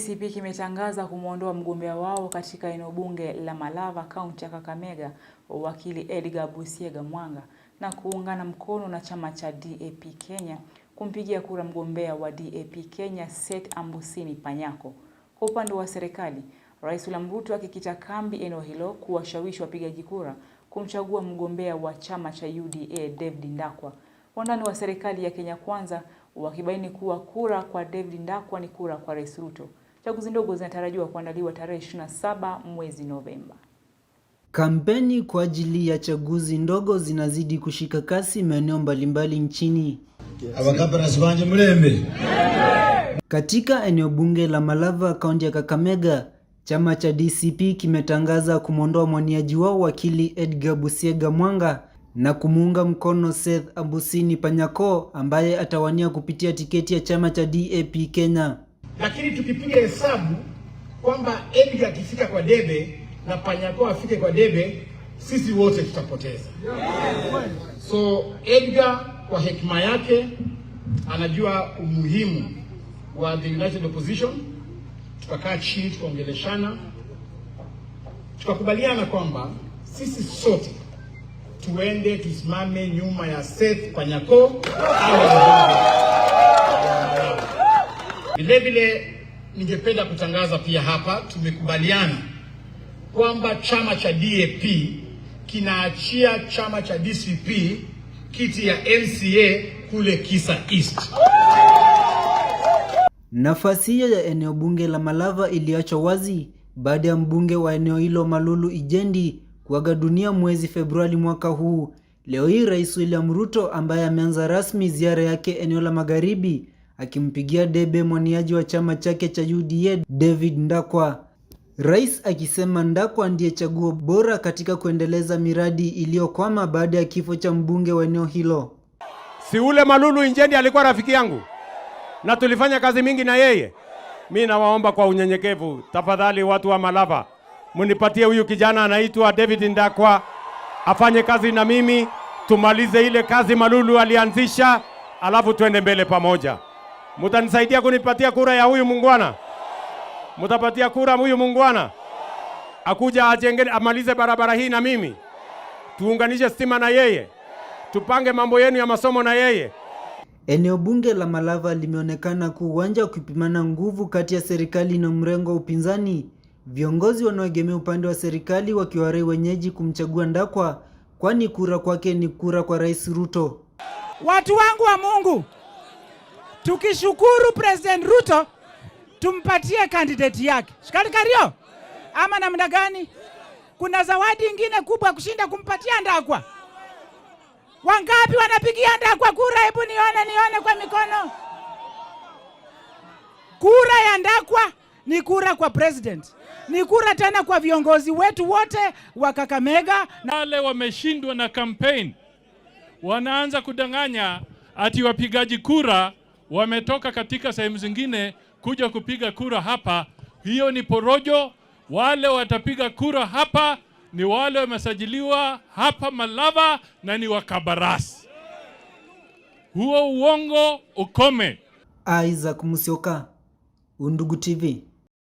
DCP kimetangaza kumwondoa mgombea wao katika eneo bunge la Malava, kaunti ya Kakamega, wakili Edgar Busiega Mwanga na kuungana mkono na chama cha DAP Kenya kumpigia kura mgombea wa DAP Kenya Seth Ambusini Panyako. Kwa upande wa serikali, Rais William Ruto akikita kambi eneo hilo kuwashawishi wapigaji kura kumchagua mgombea wa chama cha UDA David Ndakwa. Wandani wa serikali ya Kenya Kwanza wakibaini kuwa kura kwa David Ndakwa ni kura kwa Rais Ruto. Chaguzi ndogo zinatarajiwa kuandaliwa tarehe 27 mwezi Novemba. Kampeni kwa ajili ya chaguzi ndogo zinazidi kushika kasi maeneo mbalimbali nchini. Katika eneo bunge la Malava, kaunti ya Kakamega, chama cha DCP kimetangaza kumwondoa mwaniaji wao wakili Edgar Busiega Mwanga na kumuunga mkono Seth Abusini Panyako ambaye atawania kupitia tiketi ya chama cha DAP Kenya lakini tukipiga hesabu kwamba Edgar akifika kwa debe na Panyako afike kwa debe, sisi wote tutapoteza. So Edgar kwa hekima yake anajua umuhimu wa the united opposition. Tukakaa chini tukaongeleshana, tukakubaliana kwamba sisi sote tuende tusimame nyuma ya Seth Panyako. Vile vile ningependa kutangaza pia hapa, tumekubaliana kwamba chama cha DAP kinaachia chama cha DCP kiti ya MCA kule Kisa East. Nafasi hiyo ya eneo bunge la Malava iliachwa wazi baada ya mbunge wa eneo hilo Malulu Ijendi kuaga dunia mwezi Februari mwaka huu. Leo hii Rais William Ruto ambaye ameanza rasmi ziara yake eneo la Magharibi akimpigia debe mwaniaji wa chama chake cha UDA David Ndakwa. Rais akisema Ndakwa ndiye chaguo bora katika kuendeleza miradi iliyokwama baada ya kifo cha mbunge wa eneo hilo. Si ule Malulu Injendi alikuwa rafiki yangu na tulifanya kazi mingi na yeye. Mi nawaomba kwa unyenyekevu, tafadhali watu wa Malava, munipatie huyu kijana anaitwa David Ndakwa afanye kazi na mimi, tumalize ile kazi Malulu alianzisha, alafu twende mbele pamoja. Mutanisaidia kunipatia kura ya huyu mungwana? Mutapatia kura huyu mungwana akuja ajenge, amalize barabara hii na mimi, tuunganishe stima na yeye, tupange mambo yenu ya masomo na yeye. Eneo bunge la Malava limeonekana kuwa uwanja wa kupimana nguvu kati ya serikali na mrengo wa upinzani, viongozi wanaoegemea upande wa serikali wakiwarai wenyeji kumchagua Ndakwa, kwani kura kwake ni kura kwa Rais Ruto. Watu wangu wa Mungu, tukishukuru President Ruto tumpatie kandidati yake shikali kario ama namna gani? Kuna zawadi ingine kubwa kushinda kumpatia Ndakwa? Wangapi wanapigia Ndakwa kura? Hebu nione, nione kwa mikono. Kura ya Ndakwa ni kura kwa president, ni kura tena kwa viongozi wetu wote wa Kakamega. Wale wameshindwa na campaign wanaanza kudanganya ati wapigaji kura wametoka katika sehemu zingine kuja kupiga kura hapa. Hiyo ni porojo. Wale watapiga kura hapa ni wale wamesajiliwa hapa Malava na ni wakabarasi. Huo uongo ukome. Isaac Musyoka, Undugu TV.